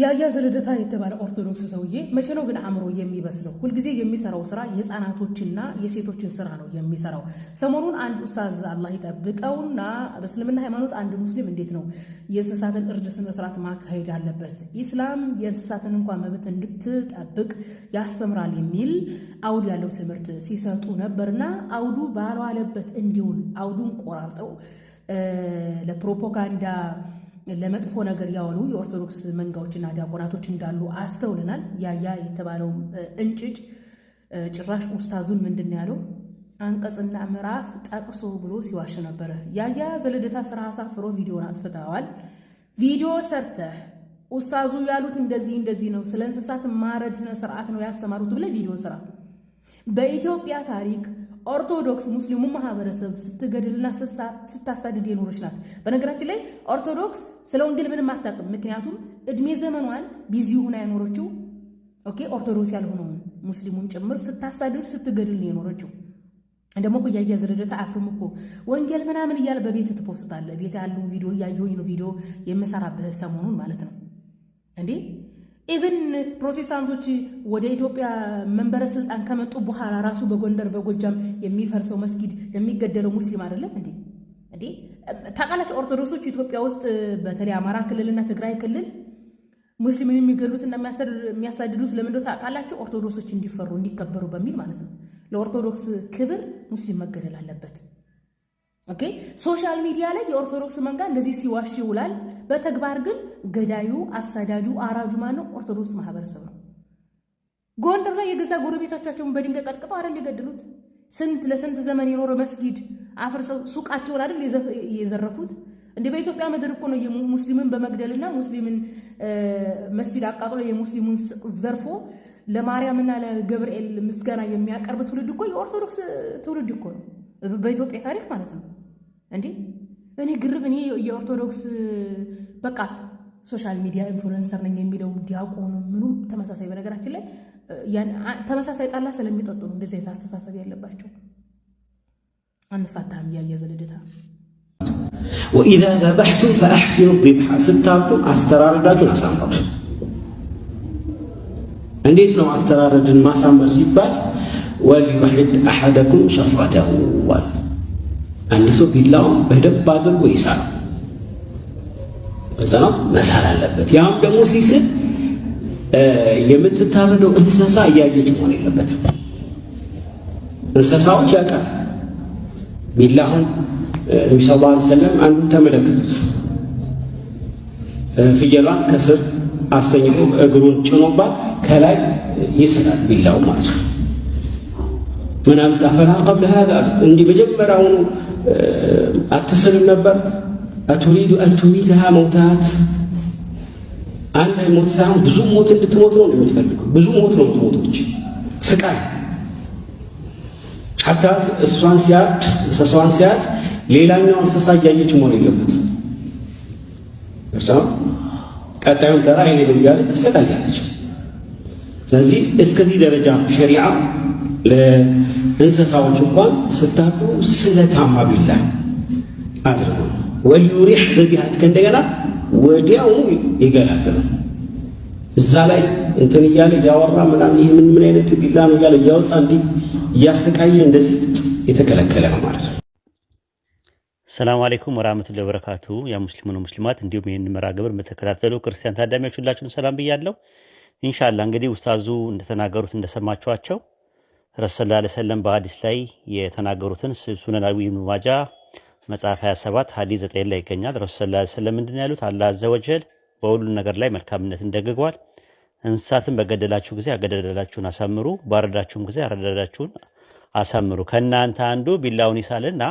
የአያዘ ልደታ የተባለ ኦርቶዶክስ ሰውዬ መቼ ነው ግን አእምሮ የሚበስለው? ሁልጊዜ የሚሰራው ስራ የህፃናቶችና የሴቶችን ስራ ነው የሚሰራው። ሰሞኑን አንድ ኡስታዝ አላህ ይጠብቀውና በእስልምና ሃይማኖት አንድ ሙስሊም እንዴት ነው የእንስሳትን እርድ ስነስርዓት ማካሄድ አለበት፣ ኢስላም የእንስሳትን እንኳን መብት እንድትጠብቅ ያስተምራል የሚል አውድ ያለው ትምህርት ሲሰጡ ነበርና አውዱ ባለዋለበት እንዲውል አውዱን ቆራርጠው ለፕሮፓጋንዳ ለመጥፎ ነገር ያዋሉ የኦርቶዶክስ መንጋዎችና ዲያቆናቶች እንዳሉ አስተውለናል። ያያ የተባለው እንጭጭ ጭራሽ ኡስታዙን ምንድን ያለው አንቀጽና ምዕራፍ ጠቅሶ ብሎ ሲዋሽ ነበረ። ያያ ዘለደታ ስራ አሳፍሮ ቪዲዮን አጥፍተዋል። ቪዲዮ ሰርተህ ኡስታዙ ያሉት እንደዚህ እንደዚህ ነው፣ ስለ እንስሳት ማረድ ስነ ስርዓት ነው ያስተማሩት ብለህ ቪዲዮ ስራ በኢትዮጵያ ታሪክ ኦርቶዶክስ ሙስሊሙ ማህበረሰብ ስትገድልና ስታሳድድ የኖረች ናት። በነገራችን ላይ ኦርቶዶክስ ስለ ወንጌል ምንም አታውቅም። ምክንያቱም እድሜ ዘመኗን ቢዚ ሆና የኖረችው ኦኬ ኦርቶዶክስ ያልሆነውን ሙስሊሙን ጭምር ስታሳድድ ስትገድል ነው የኖረችው። ደግሞ እኮ እያያ ዘረደት አፍርም እኮ ወንጌል ምናምን እያለ በቤት ትፖስታለ። ቤት ያሉ ቪዲዮ እያየሁኝ ነው ቪዲዮ የምሰራበት ሰሞኑን ማለት ነው እንዴ ኢቨን ፕሮቴስታንቶች ወደ ኢትዮጵያ መንበረ ስልጣን ከመጡ በኋላ ራሱ በጎንደር በጎጃም የሚፈርሰው መስጊድ የሚገደለው ሙስሊም አይደለም እንዴ? እንዴ ታውቃላችሁ፣ ኦርቶዶክሶች ኢትዮጵያ ውስጥ በተለይ አማራ ክልልና ትግራይ ክልል ሙስሊምን የሚገሉትና የሚያሳድዱት ለምንደ ታውቃላችሁ? ኦርቶዶክሶች እንዲፈሩ እንዲከበሩ በሚል ማለት ነው። ለኦርቶዶክስ ክብር ሙስሊም መገደል አለበት። ኦኬ ሶሻል ሚዲያ ላይ የኦርቶዶክስ መንጋ እንደዚህ ሲዋሽ ይውላል። በተግባር ግን ገዳዩ፣ አሳዳጁ፣ አራጁ ማን ነው? ኦርቶዶክስ ማህበረሰብ ነው። ጎንደር ላይ የገዛ ጎረቤቶቻቸውን በድንጋይ ቀጥቅጠው አይደል የገደሉት? ስንት ለስንት ዘመን የኖረ መስጊድ አፍርሰው ሱቃቸውን አይደል የዘረፉት? እንደ በኢትዮጵያ ምድር እኮ ነው ሙስሊምን በመግደልና ሙስሊምን መስጂድ አቃጥሎ የሙስሊሙን ዘርፎ ለማርያምና ለገብርኤል ምስጋና የሚያቀርብ ትውልድ እኮ የኦርቶዶክስ ትውልድ እኮ ነው በኢትዮጵያ ታሪክ ማለት ነው እንዲህ እኔ ግርም እኔ የኦርቶዶክስ በቃ ሶሻል ሚዲያ ኢንፍሉዌንሰር ነኝ የሚለው ዲያቆኑ ምኑም ተመሳሳይ፣ በነገራችን ላይ ተመሳሳይ ጣላ ስለሚጠጡ ነው እንደዚህ አይነት አስተሳሰብ ያለባቸው። አንፋታም እያያዘ ልደታ ወኢዛ ዘበሕቱም ፈአሕሲኑ ቢብሓ ስታቱ አስተራረዳቱን አሳምሩ። እንዴት ነው አስተራረድን ማሳመር ሲባል ወልዩሕድ አሐደኩም ሸፍረተሁ ዋል አንድ ሰው ቢላውን በደንብ አድርጎ ይሳል። በዛ መሳል አለበት። ያም ደግሞ ሲስል የምትታረደው እንስሳ እያየች መሆን የለበትም። እንስሳዎች ያውቃል። ቢላውን ነቢ ሰለላሁ ዐለይሂ ወሰለም አንዱ ተመለከቱት። ፍየሏን ከስር አስተኝቶ እግሩን ጭኖባት ከላይ ይስላል ቢላው ማለት ነው። ምናምን ጣፈላ ቀብለ ሀዛ እንዲህ መጀመሪያውኑ አትስልም ነበር። አቱሪዱ አንቱሚትሃ መውታት አንድ ሞት ሳይሆን ብዙ ሞት እንድትሞት ነው የምትፈልገው። ብዙ ሞት ነው የምትሞቶች ስቃይ ሀታ እሷን ሲያድ እንስሳዋን ሲያድ ሌላኛው እንስሳ እያየች መሆን የለበት እርሷም ቀጣዩን ተራ ይኔ እያለች ትሰቃያለች። ስለዚህ እስከዚህ ደረጃ ሸሪዓ ለእንስሳዎች እንኳን ስታቁ ስለታማ ቢላ አድርጉ። ወሊሪሕ በቢሃትከ እንደገና ወዲያው ይገላል። እዛ ላይ እንትን እያለ እያወራ ምናምን ይህ ምን ምን አይነት ቢላ ነው እያለ እያወጣ እንዲ እያሰቃየ እንደዚህ የተከለከለ ነው ማለት ነው። ሰላም አለይኩም ወራህመቱላሂ ወበረካቱ። የሙስሊሙን ሙስሊማት እንዲሁም ይህን መርሃ ግብር የምትከታተሉ ክርስቲያን ታዳሚዎች ሁላችሁን ሰላም ብያለሁ። እንሻላ እንግዲህ ኡስታዙ እንደተናገሩት እንደሰማችኋቸው ረሱል ላ ሰለም በሀዲስ ላይ የተናገሩትን ሱነናዊ ማጃ መጽሐፍ 27 ሐዲስ 9 ላይ ይገኛል። ረሱላ ሰለላሁ ዐለይሂ ምንድን ያሉት አላ አዘወጀል በሁሉ ነገር ላይ መልካምነትን ደግጓል። እንስሳትን በገደላችሁ ጊዜ አገደላችሁን አሳምሩ፣ ባረዳችሁም ጊዜ አረዳዳችሁን አሳምሩ። ከእናንተ አንዱ ቢላውን ይሳልና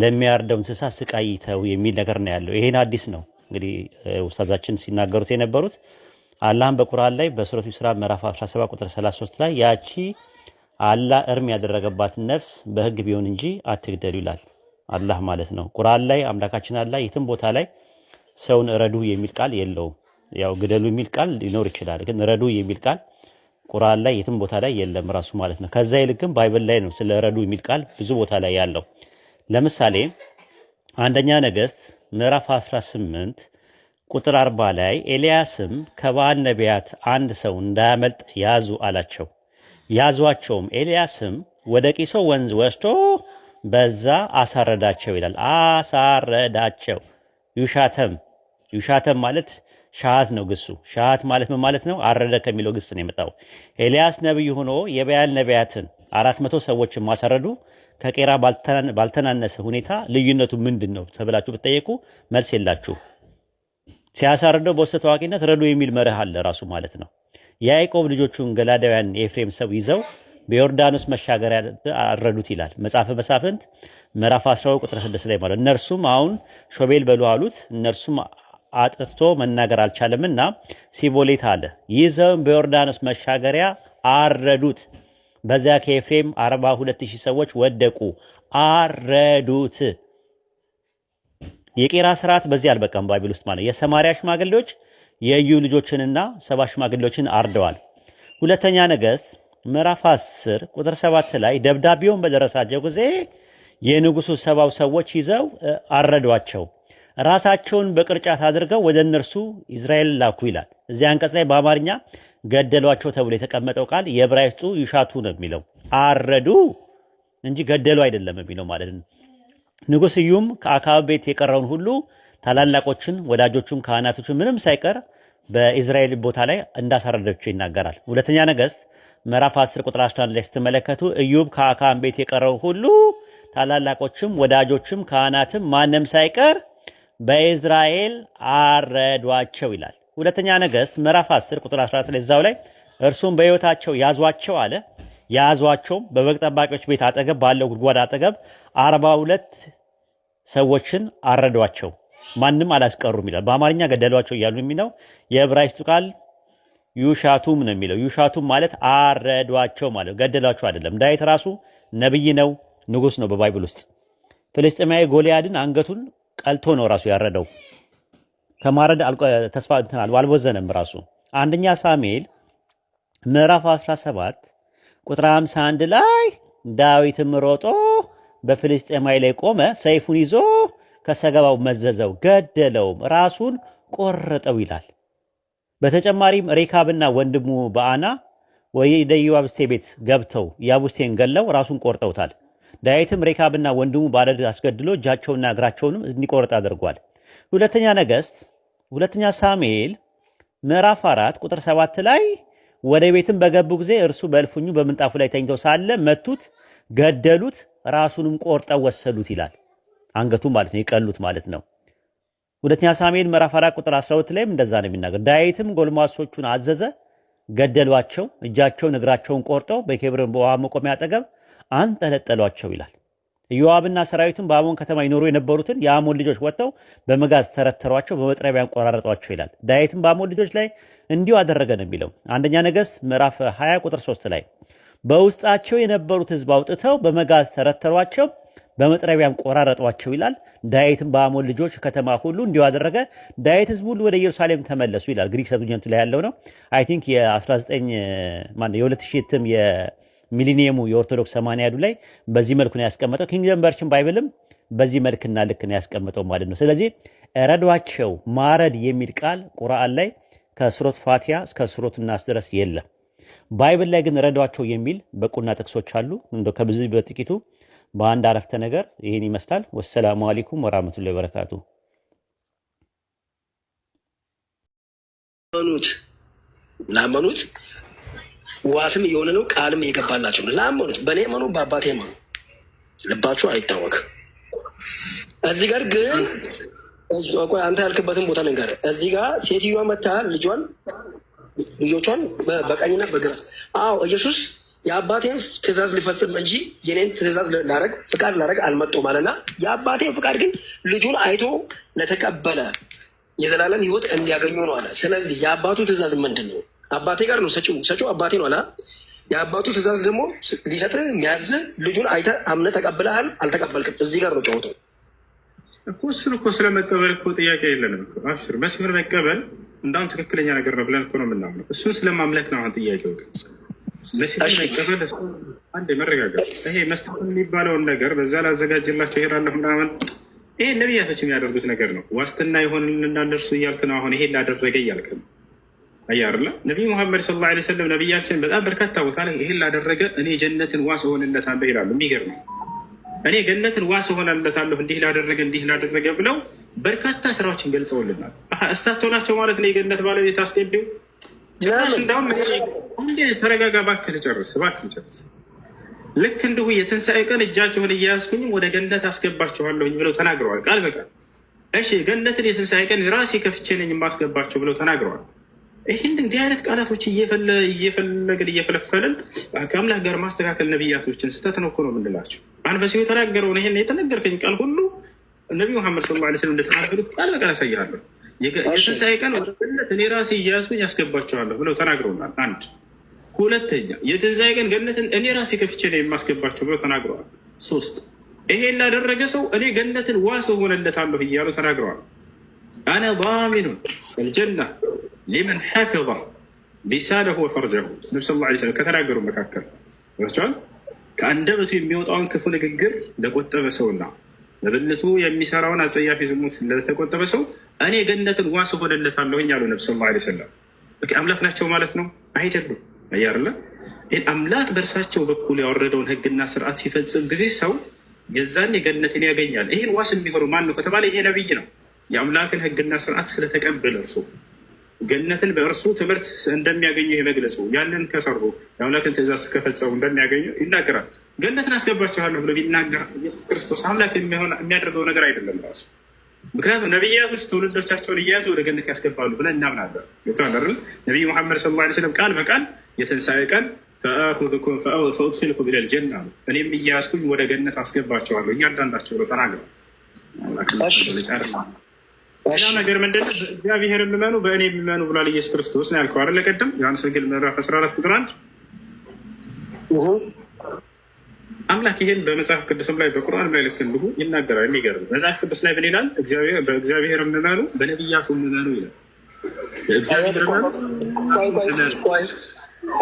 ለሚያርደው እንስሳ ስቃይተው የሚል ነገር ነው ያለው። ይሄን አዲስ ነው እንግዲህ ውስታዛችን ሲናገሩት የነበሩት አላህም በቁርአን ላይ በሱረቱ ስራ ምዕራፍ 17 ቁጥር 33 ላይ ያቺ አላህ እርም ያደረገባትን ነፍስ በህግ ቢሆን እንጂ አትግደሉ ይላል አላህ ማለት ነው። ቁርአን ላይ አምላካችን አላህ የትም ቦታ ላይ ሰውን ረዱ የሚል ቃል የለውም። ያው ግደሉ የሚል ቃል ሊኖር ይችላል፣ ግን ረዱ የሚል ቃል ቁርአን ላይ የትም ቦታ ላይ የለም ራሱ ማለት ነው። ከዛ ይልቅም ባይብል ላይ ነው ስለ ረዱ የሚል ቃል ብዙ ቦታ ላይ ያለው። ለምሳሌ አንደኛ ነገስት ምዕራፍ 18 ቁጥር 40 ላይ ኤልያስም ከበዓል ነቢያት አንድ ሰው እንዳያመልጥ ያዙ አላቸው ያዟቸውም። ኤልያስም ወደ ቂሶ ወንዝ ወስዶ በዛ አሳረዳቸው ይላል። አሳረዳቸው። ዩሻተም ዩሻተም ማለት ሻሃት ነው ግሱ። ሻሃት ማለት ምን ማለት ነው? አረደ ከሚለው ግስ ነው የመጣው። ኤልያስ ነቢይ ሆኖ የበያል ነቢያትን አራት መቶ ሰዎችን ማሳረዱ ከቄራ ባልተናነሰ ሁኔታ ልዩነቱ ምንድን ነው ተብላችሁ ብትጠየቁ መልስ የላችሁ። ሲያሳርደው በውስጥ ታዋቂነት ረዱ የሚል መርህ አለ ራሱ ማለት ነው። የያዕቆብ ልጆቹን ገላዳውያን የኤፍሬም ሰው ይዘው በዮርዳኖስ መሻገሪያ አረዱት ይላል መጽሐፈ መሳፍንት ምዕራፍ 12 ቁጥር 6 ላይ ማለት እነርሱም አሁን ሾቤል በሉ አሉት። እነርሱም አጥፍቶ መናገር አልቻለምና ሲቦሌት አለ። ይዘውም በዮርዳኖስ መሻገሪያ አረዱት። በዚያ ከኤፍሬም 42000 ሰዎች ወደቁ። አረዱት። የቄራ ስርዓት በዚህ አልበቃም። ባቢል ውስጥ ማለት የሰማሪያ ሽማግሌዎች የኢዩ ልጆችንና ሰባ ሽማግሌዎችን አርደዋል። ሁለተኛ ነገሥት ምዕራፍ 10 ቁጥር 7 ላይ ደብዳቤውን በደረሳቸው ጊዜ የንጉሱ ሰባው ሰዎች ይዘው አረዷቸው፣ ራሳቸውን በቅርጫት አድርገው ወደ እነርሱ ኢዝራኤል ላኩ ይላል። እዚያ አንቀጽ ላይ በአማርኛ ገደሏቸው ተብሎ የተቀመጠው ቃል የዕብራይስጡ ይሻቱ ነው የሚለው አረዱ እንጂ ገደሉ አይደለም የሚለው ማለት ነው። ንጉስ ኢዩም ከአካባቢ ቤት የቀረውን ሁሉ ታላላቆችን ወዳጆቹን ካህናቶቹን ምንም ሳይቀር በኢዝራኤል ቦታ ላይ እንዳሳረደችው ይናገራል። ሁለተኛ ነገሥት ምዕራፍ 10 ቁጥር 11 ላይ ስትመለከቱ ኢዮብ ከአካን ቤት የቀረው ሁሉ ታላላቆችም ወዳጆችም ካህናትም ማንም ሳይቀር በኢዝራኤል አረዷቸው ይላል። ሁለተኛ ነገሥት ምዕራፍ 10 ቁጥር 14 ላይ እዛው ላይ እርሱም በሕይወታቸው ያዟቸው አለ። ያዟቸውም በበግ ጠባቂዎች ቤት አጠገብ ባለው ጉድጓድ አጠገብ አርባ ሁለት ሰዎችን አረዷቸው። ማንም አላስቀሩም ይላል። በአማርኛ ገደሏቸው እያሉ የሚለው የዕብራይስጡ ቃል ዩሻቱም ነው የሚለው። ዩሻቱም ማለት አረዷቸው ማለት ገደሏቸው አይደለም። ዳዊት ራሱ ነብይ ነው፣ ንጉስ ነው በባይብል ውስጥ። ፍልስጤማዊ ጎልያድን አንገቱን ቀልቶ ነው ራሱ ያረደው። ከማረድ ተስፋ አልቦዘነም ራሱ። አንደኛ ሳሙኤል ምዕራፍ 17 ቁጥር 51 ላይ ዳዊትም ሮጦ በፍልስጤማዊ ላይ ቆመ፣ ሰይፉን ይዞ ከሰገባው መዘዘው፣ ገደለውም፣ ራሱን ቆረጠው ይላል። በተጨማሪም ሬካብና ወንድሙ በአና ወደ ኢዮአብስቴ ቤት ገብተው ኢያቡስቴን ገለው ራሱን ቆርጠውታል። ዳዊትም ሬካብና ወንድሙ ባለድ አስገድሎ እጃቸውና እግራቸውንም እንዲቆርጥ አድርጓል። ሁለተኛ ነገሥት ሁለተኛ ሳሙኤል ምዕራፍ አራት ቁጥር ሰባት ላይ ወደ ቤትም በገቡ ጊዜ እርሱ በእልፍኙ በምንጣፉ ላይ ተኝተው ሳለ መቱት፣ ገደሉት፣ ራሱንም ቆርጠው ወሰዱት ይላል። አንገቱ ማለት ነው የቀሉት ማለት ነው። ሁለተኛ ሳሙኤል ምዕራፍ 4 ቁጥር 12 ላይም እንደዛ ነው የሚናገር። ዳዊትም ጎልማሶቹን አዘዘ፣ ገደሏቸው፣ እጃቸውን እግራቸውን ቆርጠው በኬብሮን በውሃ መቆሚያ አጠገብ አንጠለጠሏቸው ይላል። ኢዮአብና ሰራዊቱም በአሞን ከተማ ይኖሩ የነበሩትን የአሞን ልጆች ወጥተው በመጋዝ ተረተሯቸው፣ በመጥረቢያ አንቆራረጧቸው ይላል። ዳዊትም በአሞን ልጆች ላይ እንዲሁ አደረገ ነው የሚለው አንደኛ ነገሥት ምዕራፍ 20 ቁጥር 3 ላይ በውስጣቸው የነበሩት ህዝብ አውጥተው በመጋዝ ተረተሯቸው በመጥረቢያም ቆራረጧቸው ይላል። ዳዊትም በአሞን ልጆች ከተማ ሁሉ እንዲሁ አደረገ። ዳዊት ህዝቡ ሁሉ ወደ ኢየሩሳሌም ተመለሱ ይላል። ግሪክ ሰብጀንቱ ላይ ያለው ነው። አይ ቲንክ የ19 የ2000 የሚሊኒየሙ የኦርቶዶክስ ሰማንያዱ ላይ በዚህ መልኩ ነው ያስቀመጠው። ኪንግደም ቨርሽን ባይብልም በዚህ መልክና ልክ ነው ያስቀመጠው ማለት ነው። ስለዚህ ረዷቸው ማረድ የሚል ቃል ቁርአን ላይ ከሱረት ፋቲያ እስከ ሱረት ናስ ድረስ የለም። ባይብል ላይ ግን ረዷቸው የሚል በቁና ጥቅሶች አሉ። እንደው ከብዙ በጥቂቱ በአንድ አረፍተ ነገር ይህን ይመስላል። ወሰላሙ አለይኩም ወራህመቱላሂ ወበረካቱ። ላመኑት ዋስም እየሆነ ነው፣ ቃልም እየገባላቸው ነው። ላመኑት በእኔ መኑ በአባቴ መኑ ልባችሁ አይታወቅ። እዚህ ጋር ግን አንተ ያልክበትን ቦታ ነገር እዚህ ጋር ሴትዮዋ መታ ልጇን ልጆቿን በቀኝና በግራ አዎ ኢየሱስ የአባቴን ትእዛዝ ሊፈጽም እንጂ የኔን ትእዛዝ ላረግ ፍቃድ ላረግ አልመጡም አለና የአባቴን ፍቃድ ግን ልጁን አይቶ ለተቀበለ የዘላለም ህይወት እንዲያገኙ ነው አለ። ስለዚህ የአባቱ ትእዛዝ ምንድን ነው? አባቴ ጋር ነው ሰጪው፣ ሰጪው አባቴ ነው አለ። የአባቱ ትእዛዝ ደግሞ ሊሰጥ የሚያዝ ልጁን አይተ አምነ ተቀብለሃል አልተቀበልክም፣ እዚህ ጋር ነው ጨዋታው እኮ። እሱን እኮ ስለመቀበል እኮ ጥያቄ የለንም። አሽር መስመር መቀበል እንዳውም ትክክለኛ ነገር ነው ብለን እኮ ነው የምናምነው። እሱን ስለማምለክ ነው አሁን ጥያቄው አንድ መረጋጋት ይሄ መስጠት የሚባለውን ነገር በዛ ላዘጋጅላቸው ይሄዳለሁ ምናምን ይሄ ነቢያቶች የሚያደርጉት ነገር ነው። ዋስትና የሆንልና እነርሱ እያልክ ነው። አሁን ይሄን ላደረገ እያልክ ነው። አያርላ ነቢዩ ሙሐመድ ሰለላሁ ዐለይሂ ወሰለም ነቢያችን በጣም በርካታ ቦታ ላይ ይሄን ላደረገ እኔ ጀነትን ዋስ እሆንለታለሁ ይላሉ። የሚገርም ነው። እኔ ገነትን ዋስ እሆንለታለሁ እንዲህ ላደረገ እንዲህ ላደረገ ብለው በርካታ ስራዎችን ገልጸውልናል። እሳቸው ናቸው ማለት ነው የገነት ባለቤት አስገቢው ጭራሽ እንዳውም እንደ ተረጋጋ፣ እባክህ ልጨርስ፣ እባክህ ልጨርስ። ልክ እንዲሁ የትንሣኤ ቀን እጃችሁን እያያዝኩኝም ወደ ገነት አስገባችኋለሁኝ ብለው ተናግረዋል፣ ቃል በቃል እሺ። ገነትን የትንሣኤ ቀን ራሴ ከፍቼ ነኝ የማስገባቸው ብለው ተናግረዋል። ይህን እንዲህ አይነት ቃላቶች እየፈለግን እየፈለፈልን ከአምላክ ጋር ማስተካከል ነቢያቶችን ስህተት ነው እኮ ነው የምንላቸው። አንበሲው የተናገረውን ይህን የተነገርከኝ ቃል ሁሉ ነቢ መሐመድ ሰለላሁ ዓለይሂ ወሰለም እንደተናገሩት ቃል በቃል ያሳያለሁ። የትንሣኤ ቀን ገነት እኔ ራሴ እያያዝኩኝ ያስገባቸዋለሁ ብለው ተናግረውናል። አንድ ሁለተኛ፣ የትንሣኤ ቀን ገነትን እኔ ራሴ ከፍቼ ነው የማስገባቸው ብለው ተናግረዋል። ሶስት፣ ይሄ ላደረገ ሰው እኔ ገነትን ዋስ ሆነለታለሁ እያሉ ተናግረዋል። አነ ዳሚኑን አልጀና ሊመን ሐፊዘ ሊሳነሁ ወፈርጀሁ ነብ ስ ላ ከተናገሩ መካከል ቸዋል ከአንደበቱ የሚወጣውን ክፉ ንግግር ለቆጠበ ሰውና በብልቱ የሚሰራውን አጸያፊ ዝሙት ለተቆጠበ ሰው እኔ ገነትን ዋስ ሆነለታለሁኝ አሉ ነብ ስ ላ ሰላም። አምላክ ናቸው ማለት ነው አይደሉም? አያርለ ይህን አምላክ በእርሳቸው በኩል ያወረደውን ህግና ስርዓት ሲፈጽም ጊዜ ሰው የዛን የገነትን ያገኛል። ይህን ዋስ የሚሆነው ማን ነው ከተባለ ይሄ ነብይ ነው። የአምላክን ህግና ስርዓት ስለተቀበለ እርሱ ገነትን በእርሱ ትምህርት እንደሚያገኙ የመግለጹ ያንን ከሰሩ የአምላክን ትእዛዝ ከፈጸሙ እንደሚያገኙ ይናገራል። ገነትን አስገባችኋለሁ ብሎ ቢናገር ኢየሱስ ክርስቶስ አምላክ የሚያደርገው ነገር አይደለም ራሱ። ምክንያቱም ነቢያቶች ትውልዶቻቸውን እየያዙ ወደ ገነት ያስገባሉ ብለን እናምናለን። ገብተዋል። ነቢዩ መሐመድ ሰለላሁ ዐለይሂ ወሰለም ቃል በቃል የትንሣኤ ቀን ፈአኹዝኩም ፈኡድኺልኩም ኢለል ጀና ነው። እኔም እያያዝኩኝ ወደ ገነት አስገባቸዋለሁ እያንዳንዳቸው ብሎ ተናግረዋል። ሌላው ነገር ምንድን ነው? በእግዚአብሔር የሚመኑ በእኔ የሚመኑ ብሏል ኢየሱስ ክርስቶስ ነው ያልከው አይደል? ቀደም ዮሐንስ ወንጌል ምዕራፍ 14 ቁጥር አንድ አምላክ ይሄን በመጽሐፍ ቅዱስም ላይ በቁርአን ላይ ልክ እንዲሁ ይናገራል። የሚገርም መጽሐፍ ቅዱስ ላይ ምን ይላል? በእግዚአብሔር እምናሉ በነቢያቱ እምናሉ ይላል።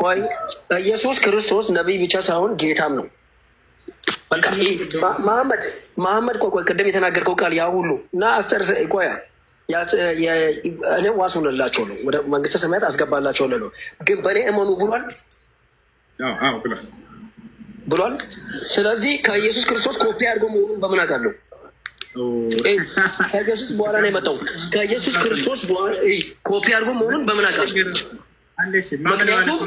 ቆይ ኢየሱስ ክርስቶስ ነቢይ ብቻ ሳይሆን ጌታም ነው። መሐመድ መሐመድ ቆይ ቆይ ቅድም የተናገርከው ቃል ያ ሁሉ እና አስጠር ቆያ እኔ ዋስ ሆነላቸው ነው ወደ መንግስተ ሰማያት አስገባላቸው ነው፣ ግን በእኔ እመኑ ብሏል ብሏል። ስለዚህ ከኢየሱስ ክርስቶስ ኮፒ አድርጎ መሆኑን በምን አውቃለሁ? ከኢየሱስ በኋላ ነው የመጣው። ከኢየሱስ ክርስቶስ ኮፒ አድርጎ መሆኑን በምን አውቃለሁ? ምክንያቱም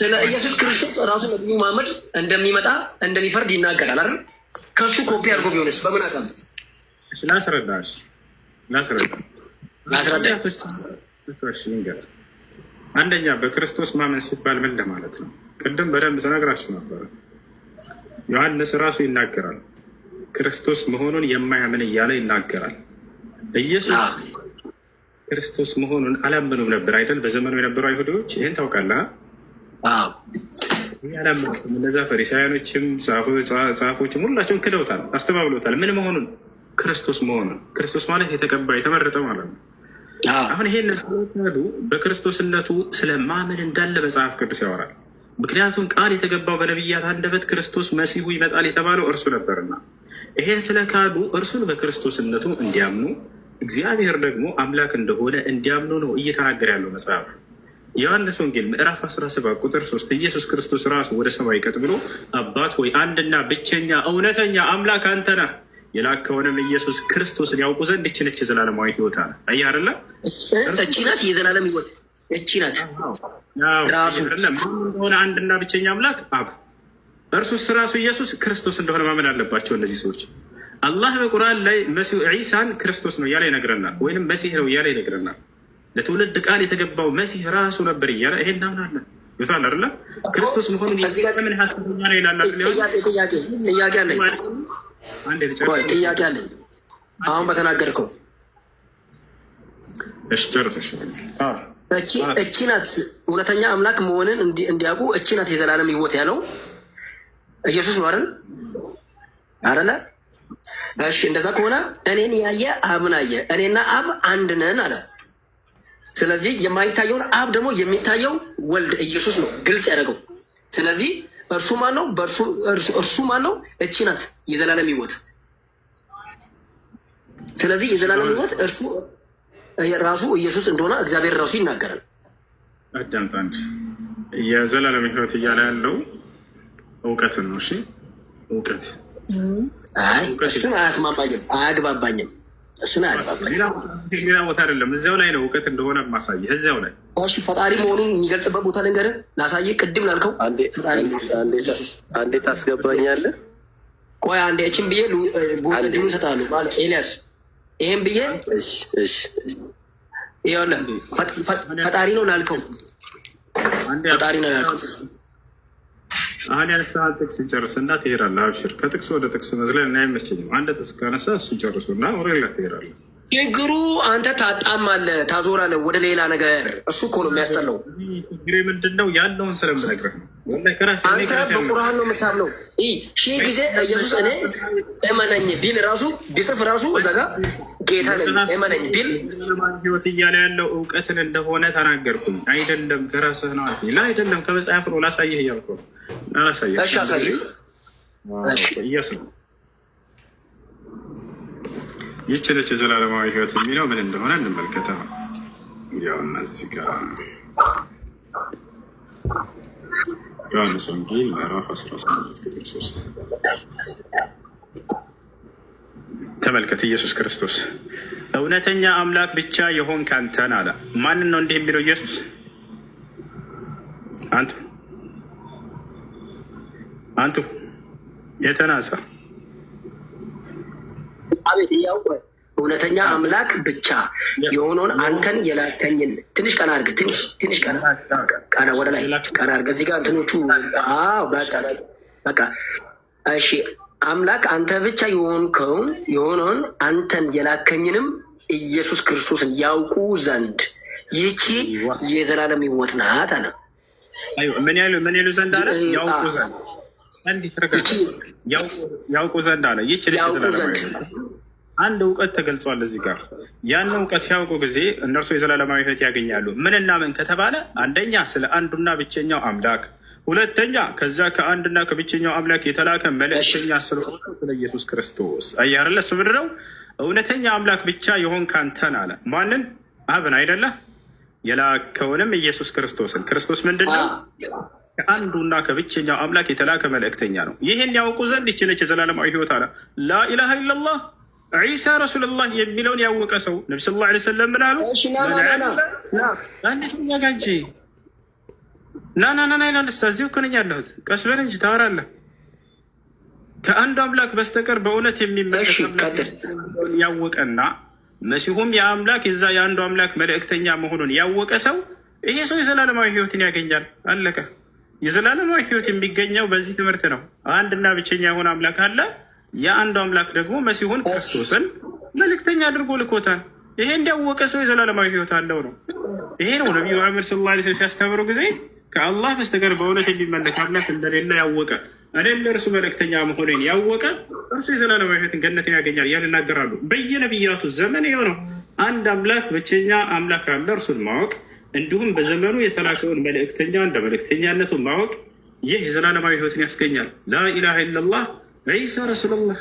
ስለ ኢየሱስ ክርስቶስ ራሱ ነቢዩ መሐመድ እንደሚመጣ እንደሚፈርድ ይናገራል አይደል? ከሱ ኮፒ አድርጎ ቢሆንስ በምን አውቃለሁ? ላስረዳ ላስረዳ አንደኛ በክርስቶስ ማመን ሲባል ምን ለማለት ነው? ቅድም በደንብ ተነግራችሁ ነበረ። ዮሐንስ ራሱ ይናገራል። ክርስቶስ መሆኑን የማያምን እያለ ይናገራል። ኢየሱስ ክርስቶስ መሆኑን አላመኑም ነበር አይደል? በዘመኑ የነበሩ አይሁዶች ይህን ታውቃለህ። እነዛ ፈሪሳውያኖችም ጸሐፎችም ሁላቸውም ክደውታል፣ አስተባብሎታል። ምን መሆኑን? ክርስቶስ መሆኑን። ክርስቶስ ማለት የተቀባ የተመረጠ ማለት ነው። አሁን ይሄን ስለካዱ በክርስቶስነቱ ስለማመን እንዳለ መጽሐፍ ቅዱስ ያወራል። ምክንያቱም ቃል የተገባው በነቢያት አንደበት ክርስቶስ መሲሁ ይመጣል የተባለው እርሱ ነበርና፣ ይሄን ስለካዱ እርሱን በክርስቶስነቱ እንዲያምኑ እግዚአብሔር ደግሞ አምላክ እንደሆነ እንዲያምኑ ነው እየተናገረ ያለው መጽሐፍ። ዮሐንስ ወንጌል ምዕራፍ 17 ቁጥር 3 ኢየሱስ ክርስቶስ ራሱ ወደ ሰማይ ቀጥ ብሎ አባት ሆይ አንድና ብቸኛ እውነተኛ አምላክ አንተ ነህ የላከውንም ኢየሱስ ክርስቶስን ያውቁ ዘንድ እችነች የዘላለማዊ ህይወት አለ። አየህ አይደለ? እቺ ናት የዘላለም ህይወት እቺ ናት። ማን እንደሆነ አንድና ብቸኛ አምላክ አብ እርሱስ ራሱ ኢየሱስ ክርስቶስ እንደሆነ ማመን አለባቸው እነዚህ ሰዎች። አላህ በቁርአን ላይ ዒሳን ክርስቶስ ነው እያለ ይነግረናል፣ ወይም መሲህ ነው እያለ ይነግረናል። ለትውልድ ቃል የተገባው መሲህ ራሱ ነበር እያለ ይሄ እናምናለን። ይታል አይደለ? ክርስቶስ መሆኑን ምን ያህል ነው ይላል። ጥያቄ አለኝ ጥያቄ አለኝ። አሁን በተናገርከው እቺ ናት እውነተኛ አምላክ መሆንን እንዲያውቁ እቺ ናት የዘላለም ህይወት ያለው ኢየሱስ ነው አይደል? እሺ እንደዛ ከሆነ እኔን ያየ አብን አየ፣ እኔና አብ አንድ ነን አለ። ስለዚህ የማይታየውን አብ ደግሞ የሚታየው ወልድ ኢየሱስ ነው ግልጽ ያደረገው። ስለዚህ እርሱ ማን ነው? እርሱ ማን ነው? እቺ ናት የዘላለም ህይወት። ስለዚህ የዘላለም ህይወት እርሱ ራሱ ኢየሱስ እንደሆነ እግዚአብሔር ራሱ ይናገራል። አዳምጥ አንድ የዘላለም ህይወት እያለ ያለው እውቀትን ነው። እሺ እውቀት አይ እሱን አያስማማኝም፣ አያግባባኝም ሌላ ቦታ አይደለም፣ እዚያው ላይ ነው እውቀት እንደሆነ ማሳየ እዚያው ላይ እሺ፣ ፈጣሪ መሆኑን የሚገልጽበት ቦታ ልንገርህ፣ ላሳየ። ቅድም ላልከው አንዴ ታስገባኛለ። ቆይ አንዴ እችን ብዬ ድሉ ይሰጣሉ። ኤልያስ ይህም ብዬ ይኸውልህ፣ ፈጣሪ ነው ላልከው፣ ፈጣሪ ነው ላልከው አሁን ያነሳህን ጥቅስ እና ትሄዳለህ። አብሽር ከጥቅስ ወደ ጥቅስ መዝለል አይመቸኝም። አንድ ጥቅስ ካነሳ እሱ ጨርሱ ጨርሱና ወሬላ ትሄዳለህ። ችግሩ አንተ ታጣማለህ፣ ታዞራለህ ወደ ሌላ ነገር። እሱ እኮ ነው የሚያስጠላው። ችግሬ ምንድን ነው ያለውን ስለምነግርህ ነው። አንተ በቁርሃን ነው የምታምነው። ሺህ ጊዜ ኢየሱስ እኔ እመነኝ ቢል ራሱ ቢጽፍ ራሱ እዛ ጋር ጌታ እመነኝ ቢል ህይወት እያለ ያለው እውቀትን እንደሆነ ተናገርኩኝ። አይደለም ከራስህ ነው አልኩኝ። ላ አይደለም ከመጽሐፍ ነው ላሳየህ እያልኩ ላሳየህ እያስ ነው ይችነች የዘላለማዊ ህይወት የሚለው ምን እንደሆነ እንመልከተ ነው። ያው እነዚህ ጋር ዮሐንስ ወንጌል ምዕራፍ 18 ቁጥር 3 ተመልከት፣ ኢየሱስ ክርስቶስ እውነተኛ አምላክ ብቻ የሆን አንተን አለ። ማን ነው እንዲህ የሚለው ኢየሱስ? አንቱ አንቱ የተናሳ አቤት እያው እውነተኛ አምላክ ብቻ የሆነውን አንተን የላከኝን ትንሽ ቀና አድርገህ ትንሽ ትንሽ ቀና ቀና ወደ ላይ ቀና አድርገህ እዚህ ጋር እንትኖቹ በቃ እሺ አምላክ አንተ ብቻ የሆንከውን የሆነውን አንተን የላከኝንም ኢየሱስ ክርስቶስን ያውቁ ዘንድ ይቺ የዘላለም ሕይወት ናት አለ። ምን ያሉ ምን ያሉ ዘንድ አለ? ያውቁ ዘንድ ያውቁ ዘንድ አለ። ይቺ ልጅ ዘላለም አንድ እውቀት ተገልጿል እዚህ ጋር። ያን እውቀት ሲያውቁ ጊዜ እነርሱ የዘላለማዊ ሕይወት ያገኛሉ። ምንና ምን ከተባለ አንደኛ ስለ አንዱና ብቸኛው አምላክ ሁለተኛ ከዚያ ከአንድና ከብቸኛው አምላክ የተላከ መልእክተኛ ስለሆነ ስለ ኢየሱስ ክርስቶስ አያርለ እሱ ምንድን ነው እውነተኛ አምላክ ብቻ የሆን ካንተን አለ ማንን አብን አይደለ የላከውንም ኢየሱስ ክርስቶስን ክርስቶስ ምንድን ነው ከአንዱና ከብቸኛው አምላክ የተላከ መልእክተኛ ነው ይህን ያውቁ ዘንድ ይችነች የዘላለማዊ ህይወት አለ ላኢላሃ ኢለላህ ዒሳ ረሱልላህ የሚለውን ያወቀ ሰው ነቢ ስ ላ ሰለም ምን አሉ አንደኛ ጋ እንጂ ና ና ና ና ልሳ እዚሁ እኮ ነኝ ያለሁት። ቀስ በል እንጂ ታወራለህ። ከአንዱ አምላክ በስተቀር በእውነት የሚመለክ ያወቀና መሲሁም የአምላክ የዛ የአንዱ አምላክ መልእክተኛ መሆኑን ያወቀ ሰው ይሄ ሰው የዘላለማዊ ህይወትን ያገኛል። አለቀ። የዘላለማዊ ህይወት የሚገኘው በዚህ ትምህርት ነው። አንድና ብቸኛ የሆነ አምላክ አለ። የአንዱ አምላክ ደግሞ መሲሁን ክርስቶስን መልእክተኛ አድርጎ ልኮታል። ይሄ ያወቀ ሰው የዘላለማዊ ህይወት አለው ነው። ይሄ ነው ነቢዩ መሐመድ ሰለላሁ ዐለይሂ ወሰለም ሲያስተምሩ ጊዜ ከአላህ በስተቀር በእውነት የሚመለክ አምላክ እንደሌለ ያወቀ እኔም ለእርሱ መልእክተኛ መሆኔን ያወቀ እርሱ የዘላለማዊ ህይወትን ገነትን ያገኛል እያሉ ይናገራሉ። በየነቢያቱ ዘመን ይኸው አንድ አምላክ ብቸኛ አምላክ አለ፣ እርሱን ማወቅ እንዲሁም በዘመኑ የተላከውን መልእክተኛ እንደ መልእክተኛነቱ ማወቅ ይህ የዘላለማዊ ህይወትን ያስገኛል። ላኢላሃ ኢለላህ ዒሳ ረሱሉላህ።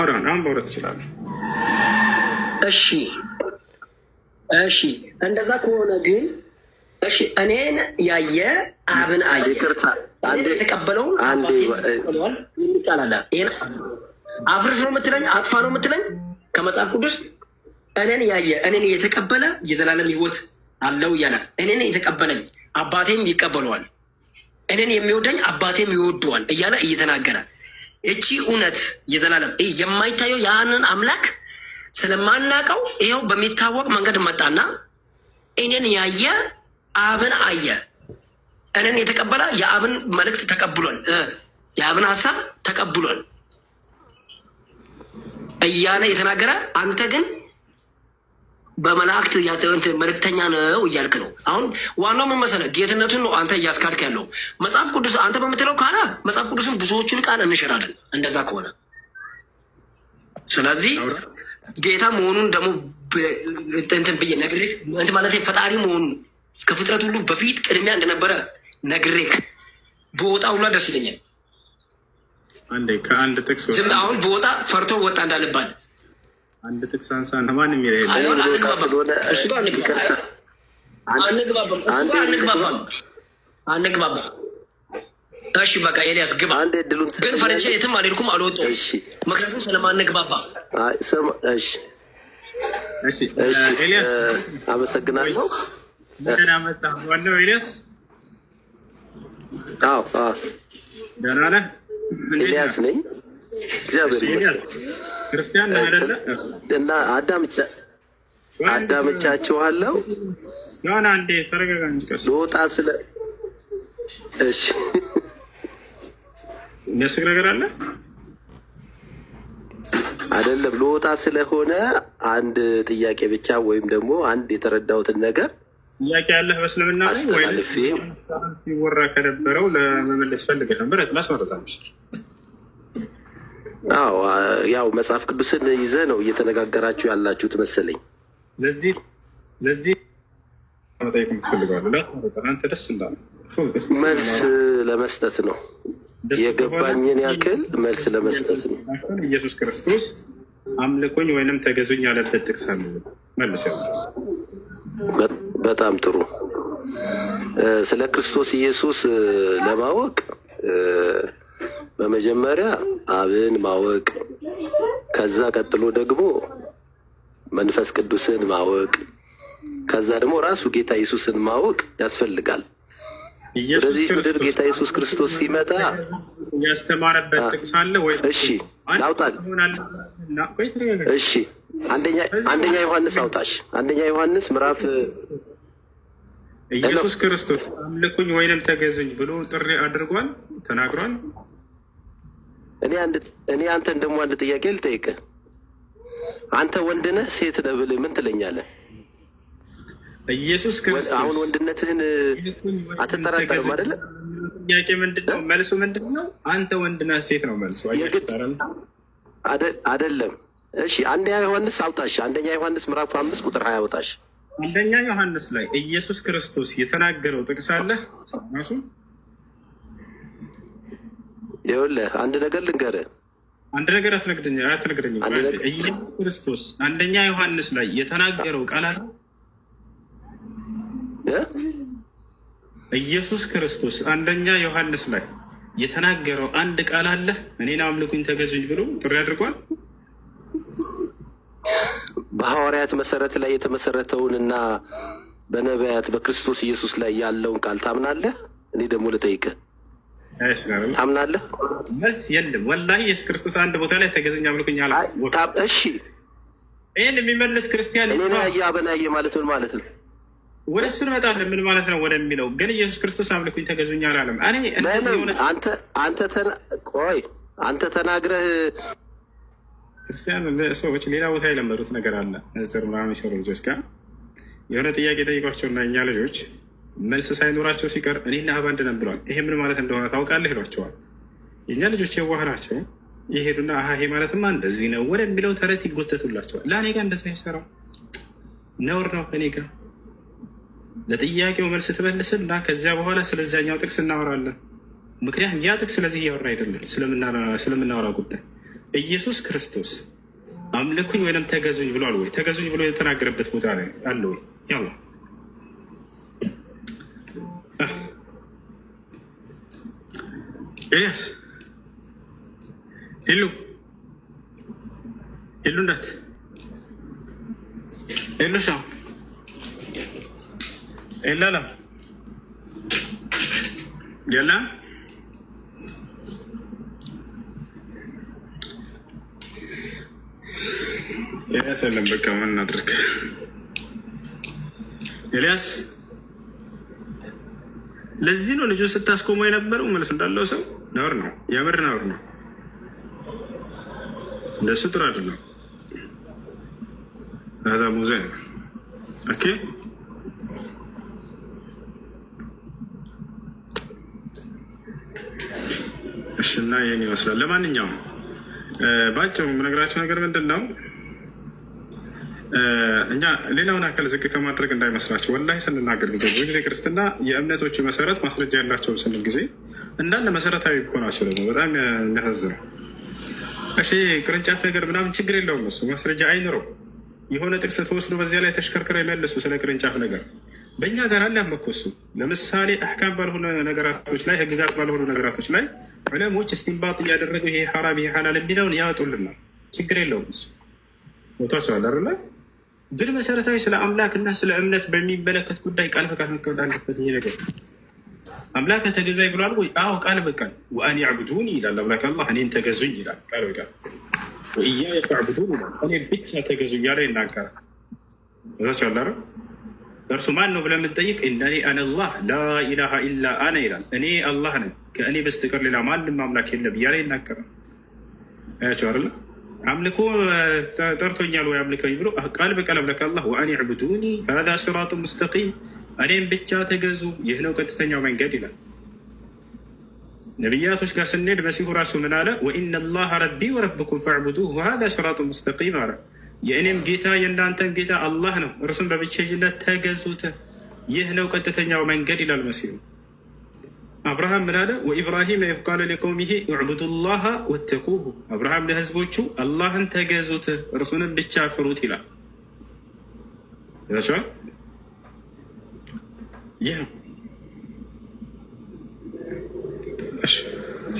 አሁን በእውነት ትችላለህ እሺ እሺ፣ እንደዛ ከሆነ ግን እሺ፣ እኔን ያየ አብን አየ የተቀበለውን ይቃላለ አፍርስ ነው የምትለኝ? አጥፋ ነው የምትለኝ? ከመጽሐፍ ቅዱስ እኔን ያየ እኔን የተቀበለ የዘላለም ህይወት አለው እያለ እኔን የተቀበለኝ አባቴም ይቀበለዋል፣ እኔን የሚወደኝ አባቴም ይወደዋል እያለ እየተናገረ እቺ እውነት የዘላለም የማይታየው ያንን አምላክ ስለማናቀው ይኸው በሚታወቅ መንገድ መጣና እኔን ያየ አብን አየ፣ እኔን የተቀበለ የአብን መልእክት ተቀብሏል፣ የአብን ሀሳብ ተቀብሏል እያለ የተናገረ አንተ ግን በመላእክት መልእክተኛ ነው እያልክ ነው። አሁን ዋናው ምን መሰለህ? ጌትነቱን ነው አንተ እያስካልክ ያለው። መጽሐፍ ቅዱስ አንተ በምትለው ካለ መጽሐፍ ቅዱስን ብዙዎቹን ቃል እንሽራለን እንደዛ ከሆነ ስለዚህ ጌታ መሆኑን ደግሞ እንትን ብዬ ነግሬክ እንትን ማለት ፈጣሪ መሆኑን ከፍጥረት ሁሉ በፊት ቅድሚያ እንደነበረ ነግሬክ በወጣ ሁላ ደስ ይለኛል። ከአንድ ጥቅስ አሁን በወጣ ፈርቶ ወጣ እንዳልባል አንድ ጥቅስ አንሳ ነው ማንም አንግባባ አንግባባ እሺ በቃ ኤልያስ ግባ። ግን ፈርቼ የትም አልሄድኩም አልወጡም፣ ምክንያቱም ስለማንግባባ። አመሰግናለሁ። ኤልያስ ነኝ። እግዚአብሔር ይመስገን እና አዳምጫ አዳምጫችኋለሁ ልወጣ ስለ እሺ የሚያስቅ ነገር አለ አይደለም። ልወጣ ስለሆነ አንድ ጥያቄ ብቻ ወይም ደግሞ አንድ የተረዳሁትን ነገር ጥያቄ ያለህ በእስልምና ሲወራ ከነበረው ለመመለስ ፈልገ ነበር ላስመረጣ አዎ ያው መጽሐፍ ቅዱስን ይዘ ነው እየተነጋገራችሁ ያላችሁት መሰለኝ። ለዚህ ለዚህ መጠየቅ የምትፈልገዋለህ አንተ ደስ እንዳለ መልስ ለመስጠት ነው። የገባኝን ያክል መልስ ለመስጠት ነው። ኢየሱስ ክርስቶስ አምልኮኝ ወይንም ተገዙኝ ያለበት ጥቅስ አለ። መልስ በጣም ጥሩ። ስለ ክርስቶስ ኢየሱስ ለማወቅ በመጀመሪያ አብን ማወቅ፣ ከዛ ቀጥሎ ደግሞ መንፈስ ቅዱስን ማወቅ፣ ከዛ ደግሞ ራሱ ጌታ ኢየሱስን ማወቅ ያስፈልጋል። ስለዚህ ምድር ጌታ ኢየሱስ ክርስቶስ ሲመጣ ያስተማረበት ጥቅስ አለ ወይ? እሺ ላውጣል። እሺ አንደኛ ዮሐንስ አውጣሽ። አንደኛ ዮሐንስ ምዕራፍ ኢየሱስ ክርስቶስ አምልኩኝ ወይንም ተገዙኝ ብሎ ጥሪ አድርጓል፣ ተናግሯል። እኔ አንተን ደግሞ አንድ ጥያቄ ልጠይቅህ። አንተ ወንድ ነህ ሴት ነህ ብልህ ምን ትለኛለህ? ኢየሱስ ክርስቶስ አሁን ወንድነትህን አትጠራጠርም አይደለ? ጥያቄ ምንድነው? መልሱ ምንድነው? አንተ ወንድና ሴት ነው መልሱ። አይደለም? እሺ አንደኛ ዮሐንስ አውጣሽ። አንደኛ ዮሐንስ ምዕራፍ አምስት ቁጥር ሀያ አውጣሽ። አንደኛ ዮሐንስ ላይ ኢየሱስ ክርስቶስ የተናገረው ጥቅስ አለ ራሱ። ይኸውልህ አንድ ነገር ልንገርህ አንድ ነገር አትነግረኝም። ኢየሱስ ክርስቶስ አንደኛ ዮሐንስ ላይ የተናገረው ቃል አለ ኢየሱስ ክርስቶስ አንደኛ ዮሐንስ ላይ የተናገረው አንድ ቃል አለ። እኔን አምልኩኝ ተገዙኝ ብሎ ጥሪ አድርጓል። በሐዋርያት መሰረት ላይ የተመሰረተውንና በነቢያት በክርስቶስ ኢየሱስ ላይ ያለውን ቃል ታምናለህ? እኔ ደግሞ ልጠይቅህ፣ ታምናለህ? መልስ የለም። ወላሂ ኢየሱስ ክርስቶስ አንድ ቦታ ላይ ተገዙኝ አምልኩኝ አላ። እሺ፣ ይህን የሚመልስ ክርስቲያን እኔ ነህ አየህ ማለት ምን ማለት ነው? ወደ እሱ እንመጣለን። ምን ማለት ነው ወደሚለው ግን ኢየሱስ ክርስቶስ አምልኩኝ ተገዙኝ አላለም። ተና ቆይ አንተ ተናግረህ ክርስቲያን ሰዎች ሌላ ቦታ የለመዱት ነገር አለ። ንጽር ምናምን የሰሩ ልጆች ጋር የሆነ ጥያቄ ጠይቋቸውና እኛ ልጆች መልስ ሳይኖራቸው ሲቀር እኔና አብ አንድ ነን ብሏል። ይሄ ምን ማለት እንደሆነ ታውቃለህ ይሏቸዋል። የእኛ ልጆች የዋህ ናቸው። ይሄዱና አሀ ማለትማ እንደዚህ ነው ወደሚለው ተረት ይጎተቱላቸዋል። ለእኔ ጋር እንደዚ ይሰራው ነውር ነው ከኔ ጋር ለጥያቄው መልስ ትመልስና ከዚያ በኋላ ስለዚያኛው ጥቅስ እናወራለን። ምክንያቱም ያ ጥቅስ ስለዚህ እያወራ አይደለም፣ ስለምናወራ ጉዳይ ኢየሱስ ክርስቶስ አምልኩኝ ወይም ተገዙኝ ብሏል ወይ? ተገዙኝ ብሎ የተናገረበት ቦታ አለ ወይ? ያው ኤልያስ ሄሉ ሄሉ እንዳት ሄሉ ሻው ኤላላ የለም። ኤልያስ የለም። በቃ ምን እናድርግ? ኤልያስ ለዚህ ነው ልጁን ስታስቆመው የነበረው መልስ እንዳለው ሰው ነውር ነው፣ የምር ነውር ነው። ለሱ ጥሩ አይደለም። ሙዘ ኦኬ እሺ። እና ይህን ይመስላል። ለማንኛውም በአጭሩ የምነግራቸው ነገር ምንድን ነው፣ እኛ ሌላውን አካል ዝቅ ከማድረግ እንዳይመስላቸው። ወላሂ ስንናገር ጊዜ ብዙ ጊዜ ክርስትና የእምነቶቹ መሰረት ማስረጃ ያላቸው ስንል ጊዜ እንዳለ መሰረታዊ እኮ ናቸው። ደግሞ በጣም የሚያሳዝነው እሺ፣ ቅርንጫፍ ነገር ምናምን ችግር የለውም እሱ ማስረጃ አይኖረው የሆነ ጥቅስ ተወስዶ በዚያ ላይ ተሽከርክረው የመለሱ ስለ ቅርንጫፍ ነገር በእኛ ጋር አለ። ያመኮሱ ለምሳሌ አህካም ባልሆነ ነገራቶች ላይ ህግጋት ባልሆኑ ነገራቶች ላይ ዑለሞች እስቲንባጥ እያደረጉ ይሄ ሐራም ይሄ ሐላል የሚለውን ያወጡልናል። ችግር የለውም እሱ ቦታቸው አደርና ግን መሰረታዊ ስለ አምላክና ስለ እምነት በሚመለከት ጉዳይ ቃል በቃል መቀመጥ አለበት። ይሄ ነገር አምላክ ተገዛይ ብሏል ወይ? አዎ ቃል በቃል ወአን ያዕቡዱን ይላል አምላክ አላ እኔን ተገዙኝ ይላል ቃል በቃል ወእያ የተዕቡዱን ይላል እኔ ብቻ ተገዙኝ ያለ ይናገራል። ቦታቸው አላረ እርሱ ማን ነው ብለን የምንጠይቅ እነኒ አነ ላህ ላኢላሃ ኢላ አነ ይላል። እኔ አላህ ነኝ ከእኔ በስተቀር ሌላ ማንም አምላክ የለም እያለ ይናገራል። አያቸው አለ አምልኮ ጠርቶኛል ወይ አምልከኝ ብሎ ቃል በቃል አምላክ አላህ ወአን ዕቡዱኒ ሀዛ ስራጡ ሙስተቂም እኔም ብቻ ተገዙ፣ ይህ ነው ቀጥተኛው መንገድ ይላል። ነቢያቶች ጋር ስንሄድ መሲሁ ራሱ ምን አለ? ወኢነ ላህ ረቢ ወረብኩም ፈዕቡዱሁ ሀዛ ስራጡ ሙስተቂም አለ የእኔም ጌታ የእናንተን ጌታ አላህ ነው፣ እርሱም በብቸኝነት ተገዙት። ይህ ነው ቀጥተኛው መንገድ ይላል መሲሁ። አብርሃም ምን አለ? ወኢብራሂም ኢዝ ቃለ ሊቀውሚሂ እዕቡዱላህ ወተቁሁ። አብርሃም ለህዝቦቹ አላህን ተገዙት እርሱንም ብቻ ፍሩት ይላል። ቸዋል ይህ ነው።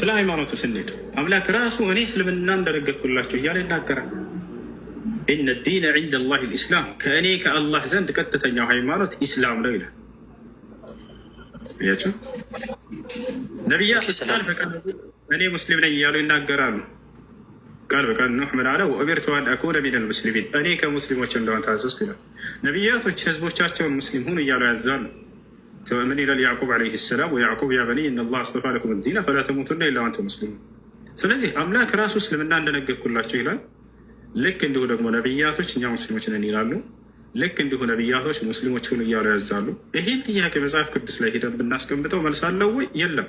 ስለ ሃይማኖቱ ስንሄድ አምላክ ራሱ እኔ እስልምና እንደረገድኩላቸው እያለ ይናገራል። ኢነ ዲነ ዒንደ ላህ ልእስላም ከእኔ ከአላህ ዘንድ ቀጥተኛው ሃይማኖት ኢስላም ነው ይላል። ያቸው ነቢያት ቃል በቃል እኔ ሙስሊም ነኝ እያሉ ይናገራሉ። ቃል በቃል ኑሕ ምን አለ? ወእምርቱ አን አኩነ ሚነል ሙስሊሚን እኔ ከሙስሊሞች እንደሆን ታዘዝኩ ይላል። ነቢያቶች ህዝቦቻቸውን ሙስሊም ሁኑ እያሉ ያዛሉ። ምን ይላል ያዕቁብ ዓለይሂ ሰላም? ወያዕቁብ ያ በኒ እና ላህ አስጠፋ ለኩም ዲነ ፈላ ተሙቱና ኢላ አንቱም ሙስሊሙን። ስለዚህ አምላክ ራሱ እስልምና እንደነገርኩላቸው ይላል ልክ እንዲሁ ደግሞ ነብያቶች እኛ ሙስሊሞች ነን ይላሉ። ልክ እንዲሁ ነብያቶች ሙስሊሞች ሆኑ እያሉ ያዛሉ። ይሄን ጥያቄ መጽሐፍ ቅዱስ ላይ ሄደን ብናስቀምጠው መልስ አለው ወይ? የለም።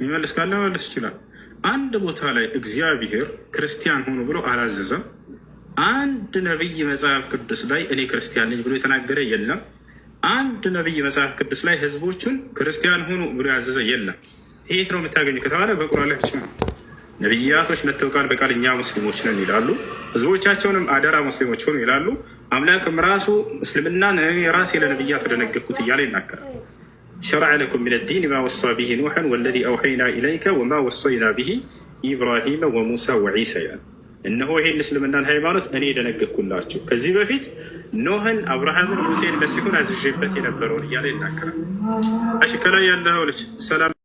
የሚመልስ ካለ መልስ ይችላል። አንድ ቦታ ላይ እግዚአብሔር ክርስቲያን ሆኑ ብሎ አላዘዘም። አንድ ነቢይ መጽሐፍ ቅዱስ ላይ እኔ ክርስቲያን ነኝ ብሎ የተናገረ የለም። አንድ ነቢይ መጽሐፍ ቅዱስ ላይ ህዝቦቹን ክርስቲያን ሆኑ ብሎ ያዘዘ የለም። ይህ ነው የምታገኙ ከተባለ በቁራ ላይ ብቻ ነው። ነቢያቶች መጥተው ቃል በቃል እኛ ሙስሊሞች ነን ይላሉ። ህዝቦቻቸውንም አደራ ሙስሊሞች ሆኑ ይላሉ። አምላክም ራሱ እስልምና ራሴ ለነቢያት ተደነገግኩት እያለ ይናገራል። ሸርዐ ለኩም ሚነ ዲን ማ ወሳ ብሂ ኑሐን ወለዚ አውሐይና ኢለይከ ወማ ወሰይና ብሂ ኢብራሂመ ወሙሳ ወዒሳ ይላል። እነሆ ይሄን እስልምናን ሃይማኖት እኔ የደነገግኩላችሁ ከዚህ በፊት ኖህን፣ አብርሃምን፣ ሙሴን፣ መሲሁን አዝዤበት የነበረውን እያለ ይናገራል። አሽከላይ ያለሆነች ሰላም